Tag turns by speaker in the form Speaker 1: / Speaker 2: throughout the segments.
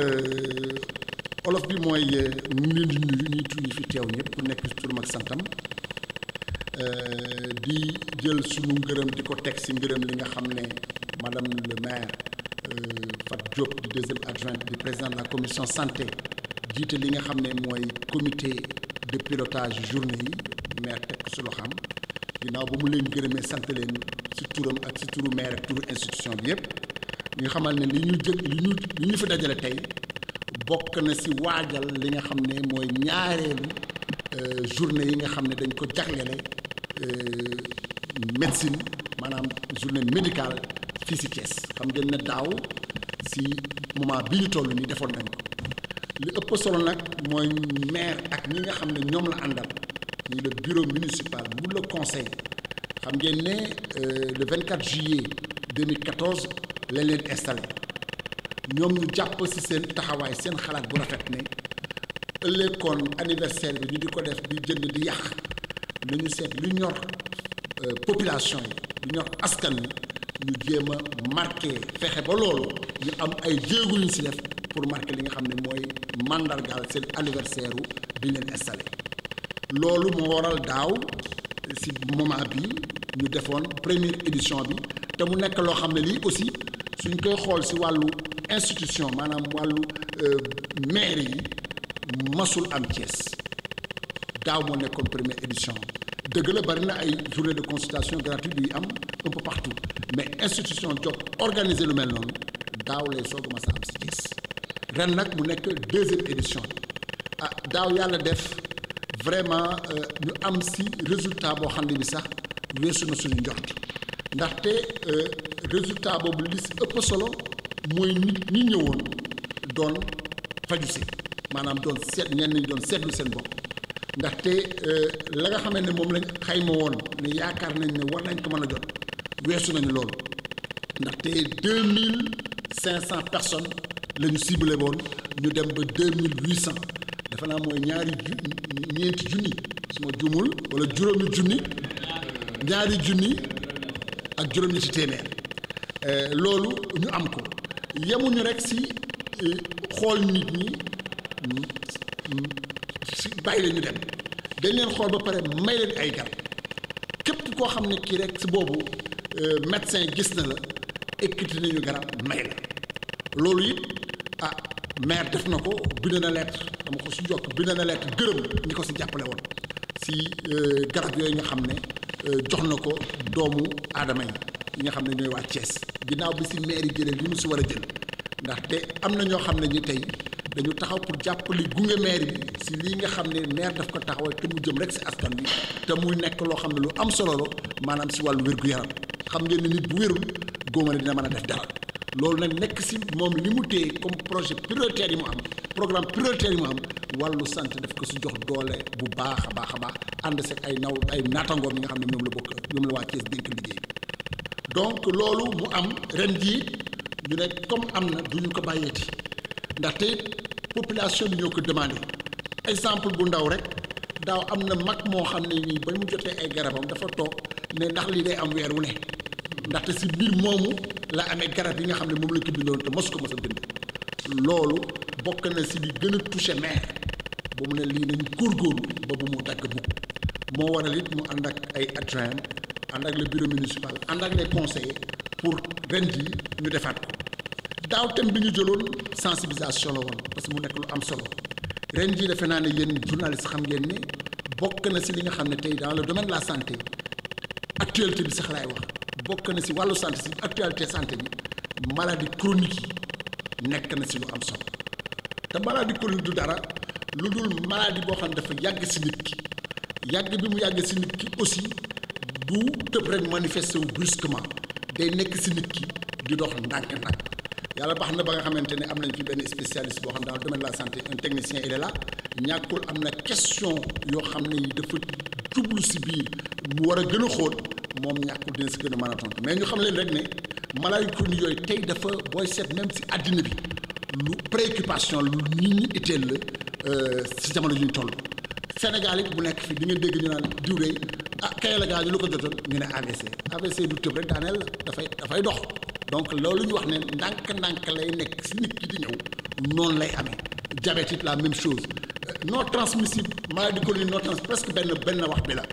Speaker 1: Euh, olof bi mooy euh, ñu ngi leen di nuyu fi teew ñëpp ku nekk turam ak santam euh, di jël sunu ngërëm di ko teg si ngërëm li nga xam ne madame le maire Fat Diop di deuxième adjointe du président de la commission santé jiite li nga xam ne mooy comité de pilotage journée yi maire teg ko si loxoom ginnaaw ba mu leen gërëmee sant leen si turam ak si turu maire ak turu institution bi yëpp. ñu xamal ne li ñu jëkk li ñu li ñu fi dajale tey bokk na ci waajal li nga xam ne mooy ñaareelu euh, journée yi nga xam ne dañ ko jaglele euh, médecine maanaam journée médicale fii ci Thiès xam ngeen ne daaw si moment bi ñu toll nii defoon nañ ko li ëpp solo nag mooy maire ak ñi nga xam ne ñoom la àndal ñu le bureau municipal mu le conseil xam ngeen ne euh, le 24 juillet 2014. lañ leen installé ñoom ñu jàpp ci seen taxawaay seen xalaat bu rafet ne ëllëg kon anniversaire bi ñu di ko def di jënd di yàq nañu seet lu ñor euh, population yi lu ñor askan wi ñu jéem a fexe ba loolu ñu am ay jéego ñu ci def pour marqué li nga xam ne mooy mandargaal seen anniversaire bi ñu leen installé loolu moo waral daaw ci moment bi ñu defoon première édition bi te mu nekk loo xam ne lii aussi. suñ koy xool si wàllu institution maanaam wàllu euh, maire yi masul am Thiès daaw moo nekkoon première édition dëgg la bari na ay journée de consultation gratuite yuy am un peu partout mais institution jox organiser lu mel noonu daaw lay soog a am si Thiès ren nag mu nekk deuxième édition ah daaw yàlla def vraiment euh, ñu am si résultat boo xam ne bi sax weesu na suñu njort ndaxte. Euh, résultat boobu li si ëpp solo mooy nit ñi ñëwoon doon faju si maanaam doon seet ñenn ñi doon seetlu seen bopp ndaxte euh, la nga xamee ne moom lañ xayma woon ne yaakaar nañ ne war nañ ko mën a jot weesu nañu loolu ndaxte deux mille cent personnes la ñu ciblé woon ñu dem ba deux mille huit cent defe naa mooy ñaari ju ñeenti junni su jumul wala juróomi junni ñaari junni ak juróom-ñetti téeméer. Euh, loolu ñu am ko yemuñu rek si euh, xool nit ñi si bàyyi leen ñu dem dañ leen xool ba pare may leen ay garab képp koo xam ne kii rek si boobu euh, médecin gis na la ekkiti nañu garab may la loolu it ah maire def na ko bind na lettre dama ko si jokk bind na lettre gërëm ñi ko si jàppale woon si garab yooyu nga xam ne jox na ko doomu aadama yi yi nga xam ne ñooy waa cees ginnaaw bi si maire yi jëlee li mu si war a jël ndaxte am na ñoo xam ne ñu tey dañu taxaw pour jàppali gunge maire bi si lii nga xam ne maire daf ko taxawal te mu jëm rek si askan bi te muy nekk loo xam ne lu am solo la maanaam si wàllu wér-gu-yaram xam ngeen ne nit bu wérul góoma ne dina mën a def dara loolu nag nekk si moom li mu téye comme projet prioritaire yi mu am programme prioritaire yi mu am wàllu sant daf ko si jox doole bu baax a baax a baax ànd si ay naw ay naatangoom yi nga ne ñoom la bokk ñoom la waa Thiès dénk liggéey donc loolu mu am ren jii ñu ne comme am na du ñu ko bàyyeeti ndaxte population bi ñoo ko demandé exemple bu ndaw rek daaw am na mag moo xam ne nii ba mu jotee ay garabam dafa toog ne ndax lii day am weer wu ne ndaxte si mbir moomu la amee garab yi nga xam ne moom la ko bindoon te mos ko mos a bind loolu bokk na si di gën a touché maire mu ne lii góor góorgóorlu ba bu mu dagg bugg moo waral it mu ànd ak ay adjoint ànd ak le bureau municipal ànd ak les conseillers pour ren jii ñu defaat ko daaw thème bi ñu jëloon sensibilisation la woon parce que mu nekk lu am solo ren jii defe naa ne yéen journaliste xam ngeen ne bokk na si li nga xam ne tey dans le domaine de la santé bi sax laay wax bokk na si wàllu santé si actualité sante bi maladie chronique yi nekk na si lu am solo te maladie chronique du dara lu dul maladi boo xam ne dafa yàgg si nit ki yàgg bi mu yàgg si nit ki aussi. du tëb rek manifesté wu brusquement day nekk si nit ki di dox ndànk-ndànk yàlla baax na ba nga xamante ne am nañ fi benn spécialiste boo xam dans le domaine de la santé un technicien il est am na question yoo xam ne yi dafa jublu si biir mu war a gën a xóot moom ñàkkul dina si gën a mën a mais ñu xam leen rek ne maladie chronique yooyu tey dafa booy set même si àddina bi lu préoccupation lu nit ñi itteel la si euh, jamono ju ñu toll Sénégal it bu nekk fi di ngeen dégg ñu naan diw ah kañ la gaañu lu ko jotoon ñu ne AVC AVC du tëb rek daaneel dafay dafay dox donc loolu ñu wax ne ndànk-ndànk lay nekk si nit ki di ñëw noonu lay amee diabète it la même chose euh, non transmissible maladie chronique non trans presque benn benn wax bi la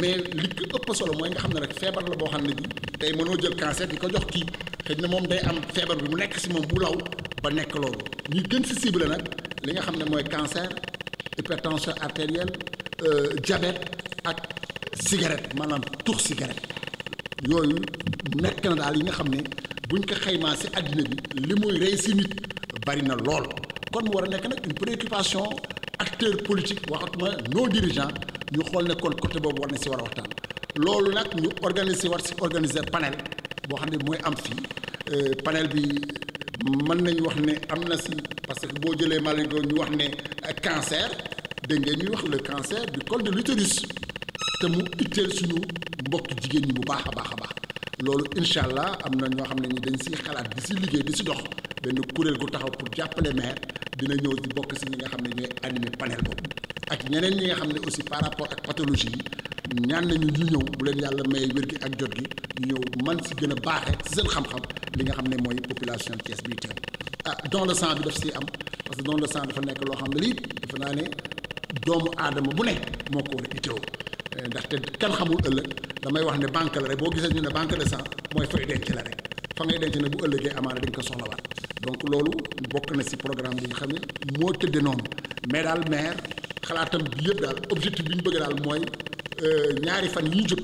Speaker 1: mais li ko ëpp solo mooy nga xam ne rek feebar la boo xam ne bi tey mënoo jël cancer di ko jox kii xëy na moom day am feebar bi mu nekk si moom bu law ba nekk loolu ñu gën si cible nag li nga xam ne mooy cancer hypertension artérielle euh, diabète ak. cigarette maanaam tux cigarette yooyu nekk na daal yi nga xam ne buñ ko xaymaa si àddina bi li muy rey si nit bari na lool kon mu war a nekk nag une préoccupation acteur politique waxatuma nos dirigeants ñu xool ne kon côté boobu war na si war a waxtaan loolu nag ñu organiser war si organiser panel boo xam ne mooy am fii euh, panel bi mën nañu wax ne am na si parce que boo jëlee maladie ñu wax ne cancer dégg ngeen ñuy wax le cancer du col de l'utérus te mu itteel suñu mbokki jigéen ñi bu baax a baax a baax loolu incha allah am na ñoo xam ne ñi dañ siy xalaat di si liggéey di si dox benn kuréel gu taxaw pour jàppale maire dina ñëw di bokk si ñi nga xam ne ñu animé panel ak ñeneen ñi nga xam ne aussi par rapport ak pathologie yi ñaan nañu ñu ñëw bu leen yàlla maye wér gi ak jot gi ñu ñëw man si gën a baaxee si seen xam-xam li nga xam ne mooy population Thiès bi teew ah don de sang bi si am parce que don de sang dafa nekk loo xam ne lii naa ne doomu aadama bu ne moo ko war Eh, ndaxte kenn xamul ëllëg damay wax ne banque la rek boo gisee ñu ne banque de sang mooy fay denc la rek fa ngay denc ne bu ëllëgee amaana dañ ko soxlawaat donc loolu bokk na si programme bi nga xam ne moo tëdde noonu mais daal maire xalaatam bi yëpp daal objectif bi ñu bëgg daal mooy euh, ñaari fan yi ñu jub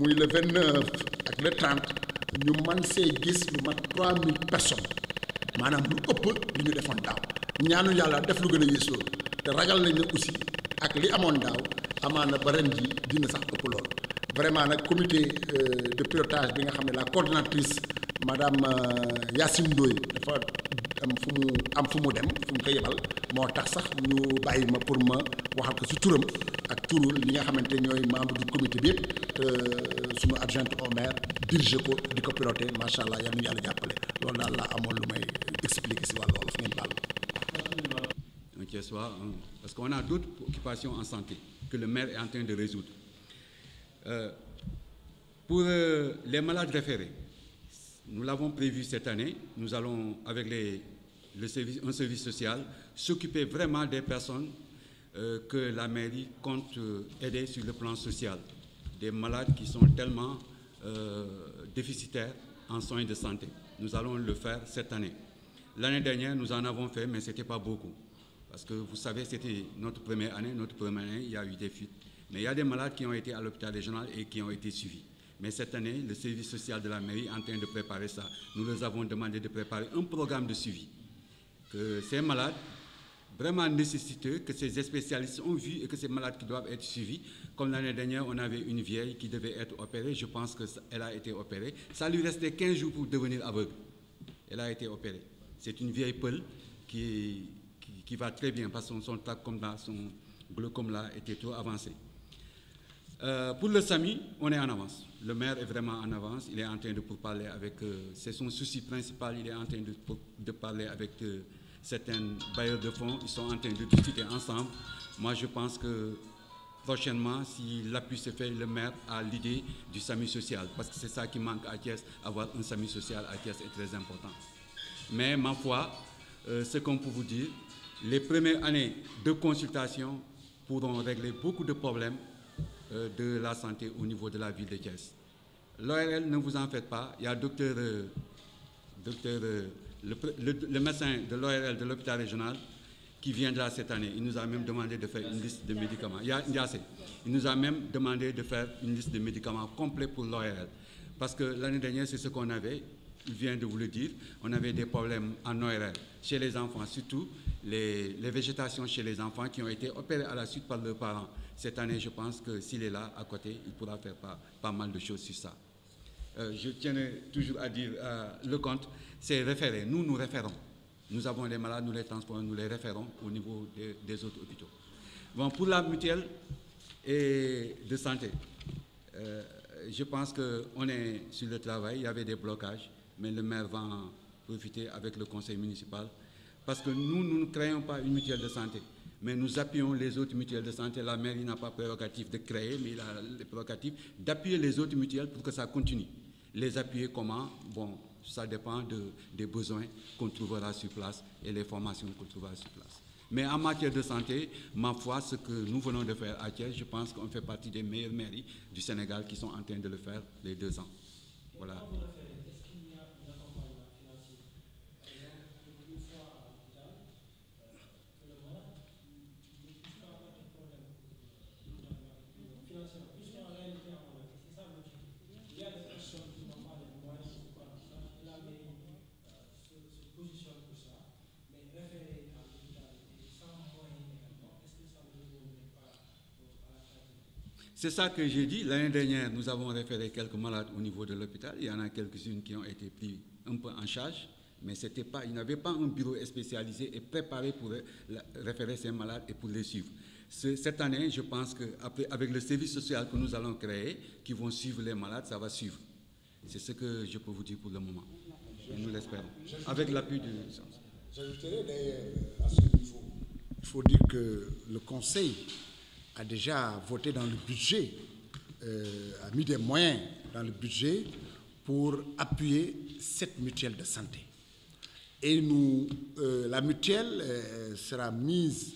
Speaker 1: muy le vingt neuf ak le trente ñu man see gis lu mat trois mille personnes maanaam lu ëpp lu ñu defoon daaw ñaanu yàlla def lu gën a yées loolu te ragal nañ aussi ak li amoon daaw. amaana ba ren ji dina sax ëpp lool vraiment nag comité de pilotage bi nga xam ne la coordinatrice madame Yacine Ndoye dafa am fu mu am fu mu dem fu mu ko yebal moo tax sax ñu bàyyi ma pour ma waxal ko si turam ak turul li nga xamante ñooy membre du comité bi yëpp te suñu adjoint au maire dirigé ko di ko piloté macha allah yal na yàlla jàppale loolu daal laa amoon lu may expliquer ci wàllu wolof ngeen baal
Speaker 2: ma. un Thiessois parce qu'on a d'autres occupations en santé. que le maire est en train de résoudre. Euh, pour euh, les malades référés, nous l'avons prévu cette année, nous allons, avec les, le service, un service social, s'occuper vraiment des personnes euh, que la mairie compte euh, aider sur le plan social, des malades qui sont tellement euh, déficitaires en soins de santé. Nous allons le faire cette année. L'année dernière, nous en avons fait, mais ce n'était pas beaucoup. Parce que vous savez, c'était notre première année. Notre première année, il y a eu des fuites. Mais il y a des malades qui ont été à l'hôpital régional et qui ont été suivis. Mais cette année, le service social de la mairie est en train de préparer ça. Nous leur avons demandé de préparer un programme de suivi. Que ces malades, vraiment nécessiteux, que ces spécialistes ont vu et que ces malades qui doivent être suivis. Comme l'année dernière, on avait une Je pense qu'elle a été opérée. Ça lui restait 15 jours pour devenir aveugle. a été opérée. C'est une vieille qui va très bien parce que son, son TAC comme là, son glaucome là était trop avancé. Euh, pour le SAMI, on est en avance. Le maire est vraiment en avance. Il est en train de pour parler avec. Euh, c'est son souci principal. Il en train de, pour, de parler avec euh, fonds. Ils sont en train de discuter ensemble. je pense que prochainement, si l'appui se fait, le maire a l'idée du SAMI social. Parce que c'est ça qui manque à Thiès. Avoir un SAMI social à Thiès est très important. Mais, ma foi, euh, ce qu'on peut vous dire, les premières années de consultation pourront régler beaucoup de problèmes euh, de la santé au niveau de la ville de Thiès. L'ORL, ne vous en faites pas, il y a docteur, euh, docteur euh, le, le, le, médecin de l'ORL de l'hôpital régional qui viendra cette année. Il de faire une liste de médicaments. Il, il nous a même demandé de faire une liste de médicaments complète pour l'ORL. Parce que l'année dernière, c'est ce qu'on avait. vient de vous le dire, on avait des problèmes en ORL chez les enfants, surtout les, les, végétations chez les enfants qui ont été opérées à la suite par leurs parents. Cette année, je pense que s'il est là, à côté, il pourra faire pas, mal de choses sur ça. Euh, je tiens toujours à dire, euh, le compte, c'est référé. Nous, nous référons. Nous avons les malades, nous les transportons, nous les référons au niveau de, des autres hôpitaux. Bon, pour la mutuelle et de santé, euh, je pense qu'on est sur le travail. Il y avait des blocages. mais le maire va en profiter avec le conseil municipal. Parce que nous, nous ne créons pas une mutuelle de santé, mais nous appuyons les autres mutuelles de santé. La mairie n'a pas prérogative de créer, mais il a les prérogatives d'appuyer les autres mutuelles pour que ça continue. Les appuyer comment Bon, ça dépend de, des besoins qu'on trouvera sur place et les formations qu'on trouvera sur place. Mais en matière de santé, ma foi, ce que nous venons de faire à je pense qu'on fait partie des meilleures mairies du Sénégal qui sont de le faire les deux ans. Voilà. C'est ça que j'ai dit. L'année dernière, nous avons référé quelques malades au niveau de l'hôpital. Il y en a quelques-unes qui ont été prises un peu en charge, mais c'était pas, il n'y avait pas un bureau spécialisé et préparé pour référer ces malades et pour les suivre. Cette année, je pense qu'avec le service social que nous allons créer, qui vont suivre les malades, ça va suivre. C'est ce que je peux vous dire pour le moment. Et nous l'espérons. Avec l'appui du sens.
Speaker 1: J'ajouterai d'ailleurs le Conseil a déjà voté dans le budget, euh, a mis des moyens dans le budget pour appuyer cette mutuelle de santé. Et nous, euh, la mutuelle euh, sera mise,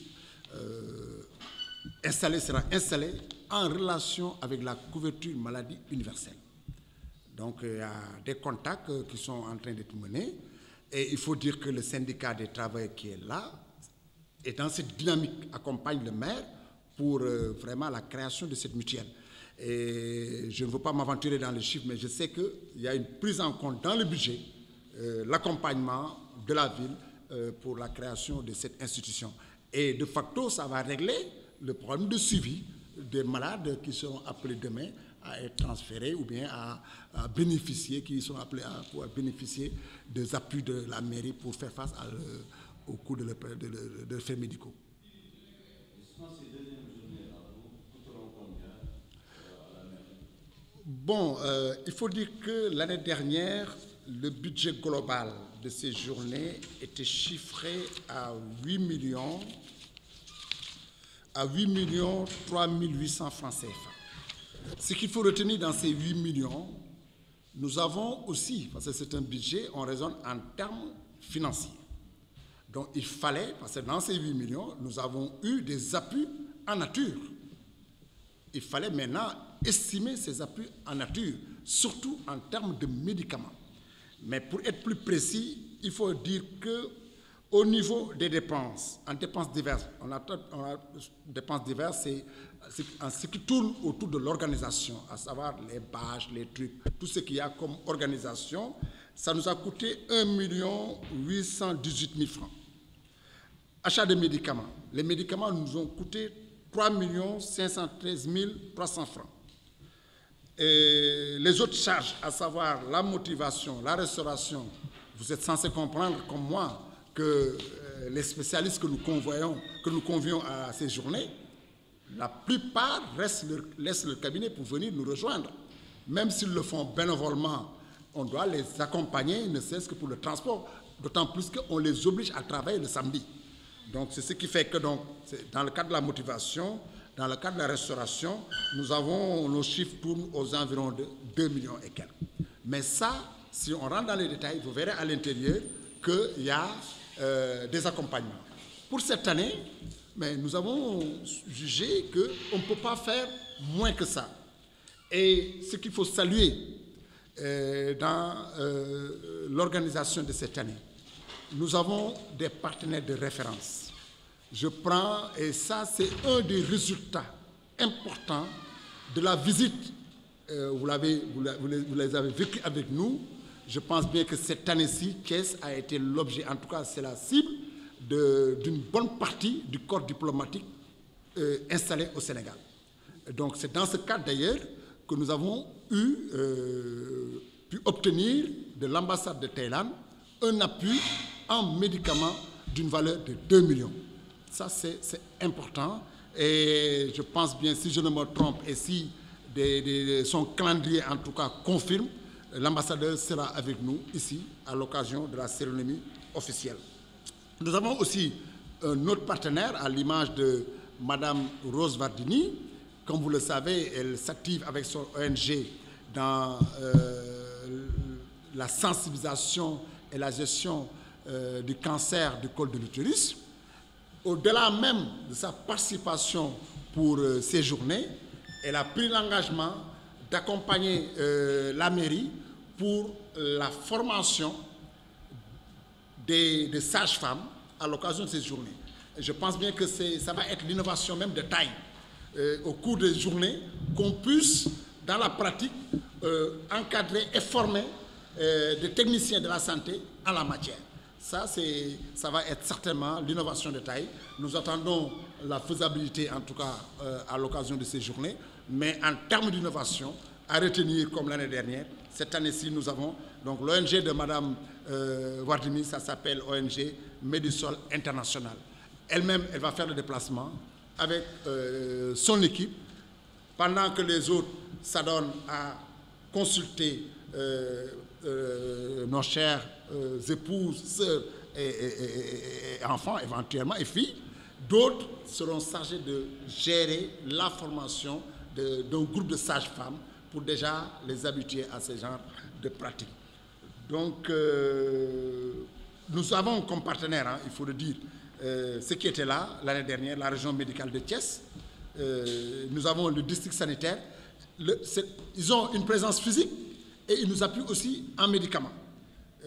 Speaker 1: euh, installée, sera installée en relation avec la couverture maladie universelle. Donc euh, il y a des contacts euh, qui sont en train d'être menés et il faut dire que le syndicat des travailleurs qui est là et dans cette dynamique accompagne le maire pour euh, vraiment la création de cette mutuelle. Et je ne veux pas m'aventurer dans les chiffres, mais je sais qu'il y a une prise en compte dans le budget, euh, l'accompagnement de la ville euh, pour la création de cette institution. Et de facto, ça va régler le problème de suivi des malades qui seront appelés demain à être transférés ou bien à, à bénéficier, qui sont appelés à pouvoir bénéficier des appuis de la mairie pour faire face à le, au de leurs frais médicaux. Bon, euh, il faut dire que l'année dernière, le budget global de ces journées était chiffré à 8 millions, à 8 millions 3 800 francs CFA. Ce qu'il faut retenir dans ces 8 millions, nous avons aussi, parce que c'est un budget, on raisonne en termes financiers. Donc il fallait, parce que dans ces 8 millions, nous avons eu des appuis en nature. Il fallait maintenant estimer ses appuis en nature, surtout en termes de médicament Mais pour être plus précis, il faut dire que au niveau des dépenses, en dépenses diverses, on a, on a dépenses diverses, c'est ce qui tourne autour de l'organisation, à savoir les bâches, les trucs, tout ce qu'il y a comme organisation, ça nous a coûté 1 818 000 francs. Achat de médicaments. Les médicaments nous ont coûté 3 513 300 francs. et les autres charges, à savoir la motivation, la restauration, vous êtes censé comprendre comme moi que euh, les spécialistes que nous convoyons, que nous convions à ces journées, la plupart restent leur, laissent leur cabinet pour venir nous rejoindre. Même s'ils le font bénévolement, on doit les accompagner, ne serait que pour le transport, d'autant plus qu'on les oblige à travailler le samedi. Donc c'est ce qui fait que donc, dans le cadre de la motivation, Dans le cadre de la restauration, nous avons, nos chiffres tournent aux environs de 2 millions et quelques. Mais ça, si on rentre dans les détails, vous verrez à l'intérieur qu'il y a euh, des accompagnements. Pour cette année, mais nous avons jugé qu'on ne peut pas faire moins que ça. Et ce qu'il faut saluer euh, dans euh, l'organisation de cette année, nous avons des partenaires de référence. je prends, et ça c'est un des résultats importants de la visite, euh, vous, l'avez, vous, la, les, vous les avez vécu avec nous, je pense bien que cette année-ci, Thiès a été l'objet, en tout cas c'est la cible, de, d'une bonne partie du corps diplomatique euh, installé au Sénégal. donc c'est dans ce cadre d'ailleurs que nous avons eu, euh, pu obtenir de l'ambassade de Thaïlande un appui en médicament d'une valeur de 2 millions. Ça, c'est important. Et je pense bien, si je ne me trompe, et si des, des, son calendrier, en tout cas, confirme, l'ambassadeur sera avec nous ici à l'occasion de la cérémonie officielle. Nous avons aussi un autre partenaire à l'image de Madame Rose Vardini. Comme vous le savez, elle s'active avec son ONG dans euh, la sensibilisation et la gestion euh, du cancer du col de l'utérus. au-delà même de sa participation pour euh, ces journées, elle a pris l'engagement d'accompagner euh, la mairie pour la formation des, des sages-femmes à l'occasion de ces journées. Je pense bien que ça va être l'innovation même de taille euh, au cours des journées, qu'on puisse, dans la pratique, euh, encadrer et former euh, des techniciens de la santé en la matière. Ça, c'est, ça va être certainement l'innovation de taille. Nous attendons la faisabilité, en tout cas, euh, à l'occasion de ces journées. Mais en termes d'innovation, à retenir comme l'année dernière, cette année-ci, nous avons donc l'ONG de Madame euh, Wardini, ça s'appelle ONG Médusol International. Elle-même, elle va faire le déplacement avec euh, son équipe, pendant que les autres s'adonnent à consulter euh, euh, nos chers euh, épouses, sœurs et, et, et, enfants éventuellement et filles. D'autres seront chargés de gérer la formation d'un groupe de sages-femmes pour déjà les habituer à ce genre de pratiques. Donc, euh, nous avons comme partenaire, hein, il faut le dire, euh, ce qui était là l'année dernière, la région médicale de Thiès. Euh, nous avons le district sanitaire. Le, ils ont une présence physique et ils nous appuient aussi en médicament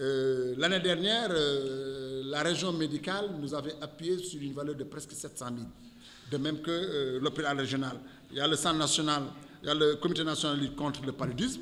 Speaker 1: Euh, L'année dernière, euh, la région médicale nous avait appuyé sur une valeur de presque 700 de même que euh, l'hôpital régional. Il y a le national, il y Comité national de lutte contre le paludisme,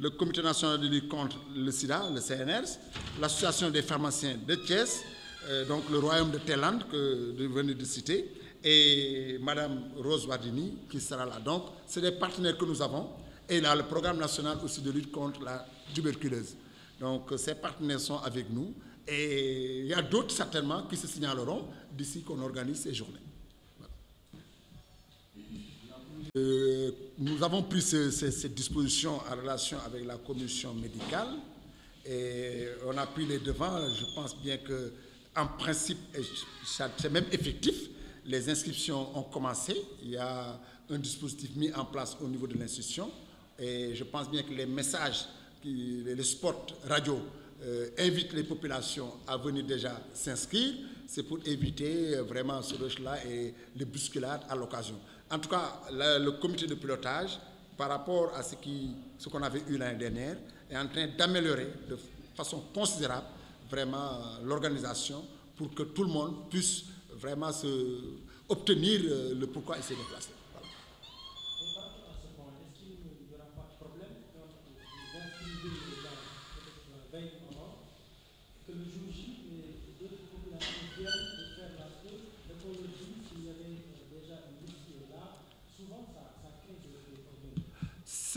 Speaker 1: le Comité national de lutte contre le sida, le CNRS, l'Association des pharmaciens de Thiès, euh, donc le Royaume de Thaïlande que vous venez de citer, et Madame Rose Wardini qui sera là. Donc, c'est des partenaires que nous avons. Et là, le programme national aussi de lutte contre la tuberculose. Donc euh, ces partenaires sont avec nous et il y a d'autres certainement qui se signaleront d'ici qu'on organise ces journées. Voilà. Euh, nous avons pris cette disposition en relation avec la commission médicale et on a pris les devants. Je pense bien que en principe, c'est même effectif. Les inscriptions ont commencé. Il y a un dispositif mis en place au niveau de l'institution et je pense bien que les messages qui, le spot radio euh, invite les populations à venir déjà s'inscrire, c'est pour éviter euh, vraiment ce rush-là et les bousculades à l'occasion. En tout cas, le, le, comité de pilotage, par rapport à ce qu'on ce qu'on avait eu l'année dernière, est en train d'améliorer de façon considérable vraiment l'organisation pour que tout le monde puisse vraiment se, obtenir euh, le pourquoi il s'est déplacé.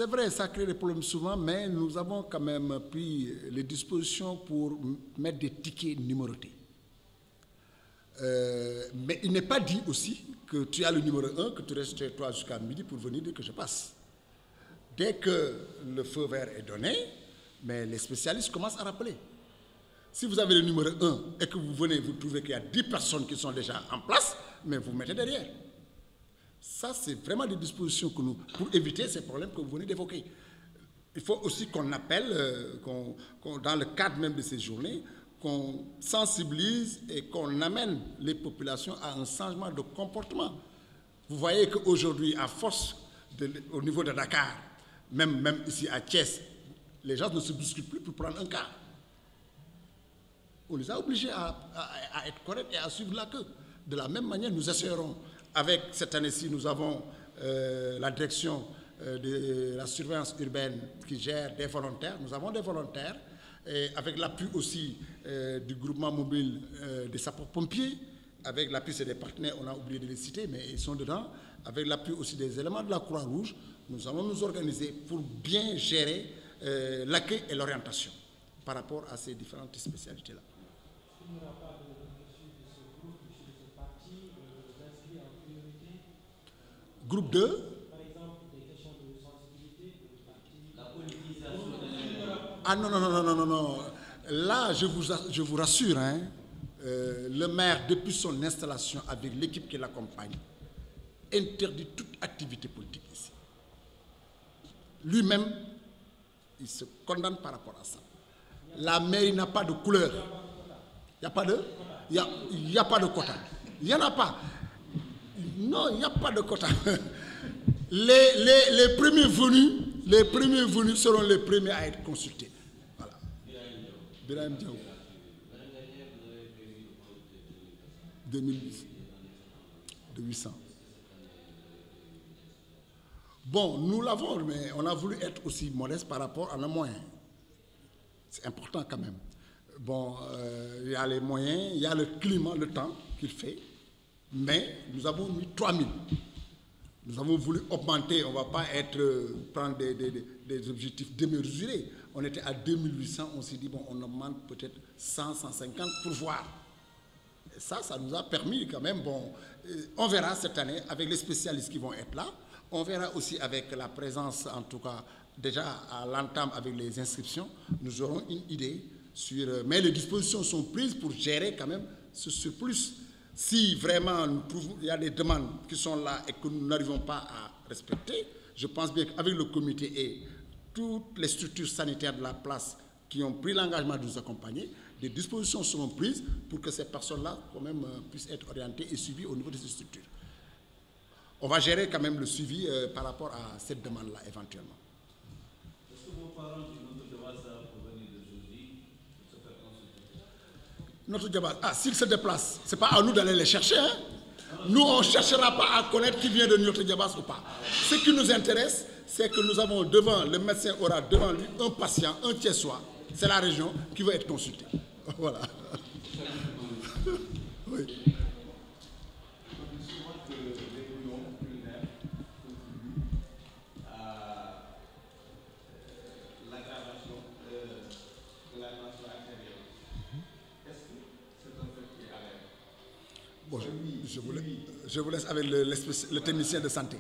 Speaker 1: C'est vrai, ça crée des problèmes souvent, mais nous avons quand même pris les dispositions pour mettre des tickets numérotés. Euh, mais il n'est pas dit aussi que tu as le numéro 1, que tu restes chez jusqu'à midi pour venir dire que je passe. Dès que le feu vert est donné, mais les spécialistes commencent à rappeler. Si vous avez le numéro 1 et que vous venez, vous trouvez qu'il y a 10 personnes qui sont déjà en place, mais vous mettez derrière. Ça, c'est vraiment des dispositions que nous, pour éviter ces problèmes que vous venez d'évoquer. Il faut aussi qu'on appelle, euh, dans le cadre même de ces journées, qu'on sensibilise et qu'on amène les populations à un changement de comportement. Vous voyez qu'aujourd'hui, à force, de, au niveau de Dakar, même, même ici à Thiès, les gens ne se discutent plus pour prendre un car. On les a obligés à, à, à être corrects et à suivre la queue. De la même manière, nous essayerons Avec cette année-ci, nous avons euh, la direction euh, de la surveillance urbaine qui gère des volontaires. Nous avons des volontaires, et avec l'appui aussi euh, du groupement mobile euh, des sapeurs-pompiers, avec l'appui des partenaires, on a oublié de les citer, mais ils sont dedans. Avec l'appui aussi des éléments de la Croix-Rouge, nous allons nous organiser pour bien gérer euh, l'accueil et l'orientation par rapport à ces différentes spécialités-là. Groupe 2. Ah non, non, non, non, non, Là, je vous, rassure, euh, le maire, depuis son installation avec l'équipe qui l'accompagne, interdit toute activité politique ici. Lui-même, il se condamne par rapport à ça. La mairie n'a pas de couleur. Il pas de... quota. Il pas. Non, il n'y a pas de quota. Les, les, les, premiers venus, les premiers venus seront les premiers à être consultés. Voilà. Birahim Diaw. 2010. De 800. Bon, nous l'avons, mais on a voulu être aussi modeste par rapport à nos moyens. C'est important quand même. Bon, euh, il euh, y a les moyens, il y a le climat, le temps qu'il fait. mais nous avons mis 3000. Nous avons voulu augmenter, on ne va pas être, euh, prendre des, des, des objectifs démesurés. On était à 2800, on s'est dit, bon, on augmente peut-être 100, 150 pour voir. Et ça, ça nous a permis quand même, bon, euh, on verra cette année avec les spécialistes qui vont être là. On verra aussi avec la présence, en tout cas, déjà à l'entame avec les inscriptions, nous aurons une idée euh, Mais les dispositions sont prises pour gérer quand même ce surplus si vraiment nous trouvons, il y a des demandes qui sont là et que nous n'arrivons pas à respecter, je pense bien qu'avec le comité et toutes les structures sanitaires de la place qui ont pris l'engagement de nous accompagner, des dispositions seront prises pour que ces personnes-là quand même euh, puissent être orientées et suivies au niveau de ces structures. On va gérer quand même le suivi euh, par rapport à cette demande-là éventuellement. notre diabase. Ah, s'ils se déplacent, ce n'est pas à nous d'aller les chercher. Hein? Nous, on ne cherchera pas à connaître qui vient de notre diabase ou pas. Ce qui nous intéresse, c'est que nous avons devant, le médecin aura devant lui un patient, un tiers C'est la région qui va être consultée. Voilà. je vous laisse,
Speaker 2: je vous laisse avec le, le technicien de santé